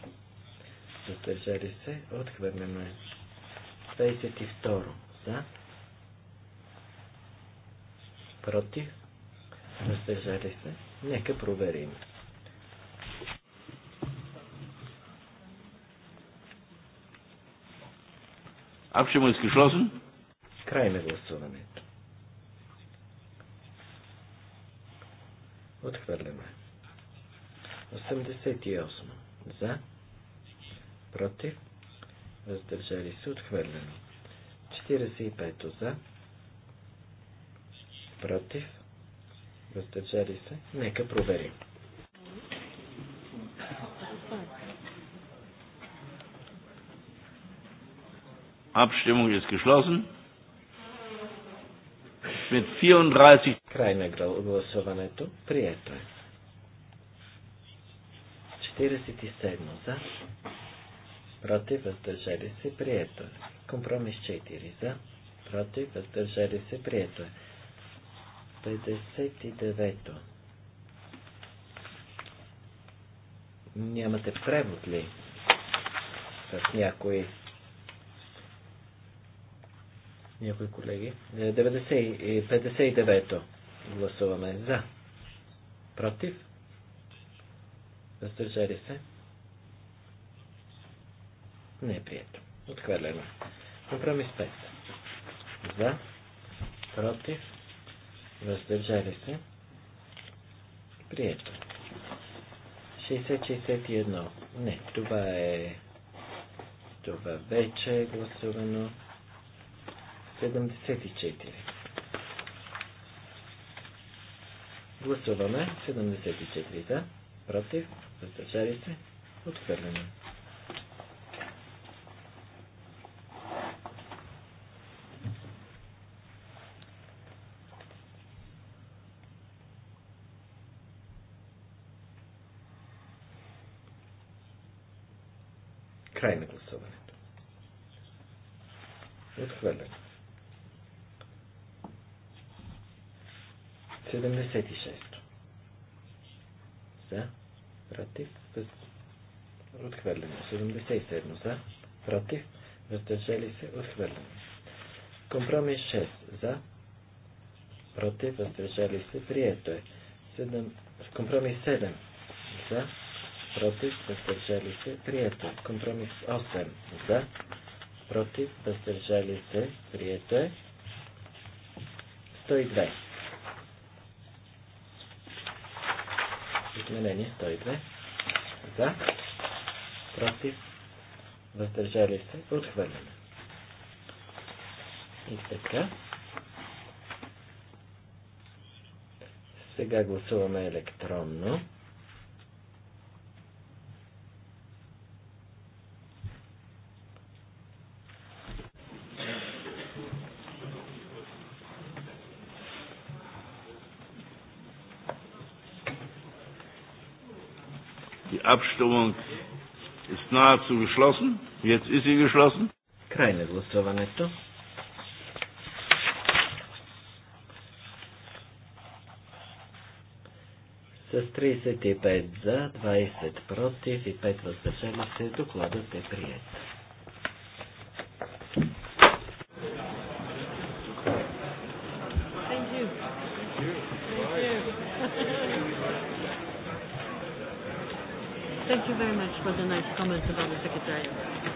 Затържали се, Отхвърляме. 22. За, против, Разтежали се. Нека проверим. Абшемо е изкишлосен? Край на гласуването. Отхвърляме. 88. За. Против. Въздържали се. Отхвърлено. 45. За. Против. Въздържали се. Нека проверим. Abstimmung ist geschlossen mit 34. Край на гласуването. Прието е. 47 за. Против, въздържали се, прието е. Компромис 4 за. Против, въздържали се, прието е. 59. Нямате превод ли? С някои някои колеги. 59-то е, е, гласуваме за. Против. Въздържали се. Не е прието. Отхвърлено. Компромис 5. За. Против. Въздържали се. Прието. 60-61. Не, това е... Това вече е гласувано. 74. Гласуваме 74 за, против, въздържали се, отхвърлено. край на гласуването. Отхвърлено. 76. За. Против. Въз... Отхвърлено. 77. За. Против. Въздържали се. Отхвърлено. Компромис 6. За. Против. Въздържали се. Прието е. 7... Компромис 7. За. Против. Въздържали се. Прието е. Компромис 8. За. Против. Въздържали се. Прието е. 102. Изменение 102. За. Против. Въздържали се. Отхвърляме. И така. Сега гласуваме електронно. Abstimmung ist nahezu geschlossen. Jetzt ist sie geschlossen. Край на гласуването. С 35 за, 20 против и 5 въздържали се, докладът е прият. comments about the secretariat.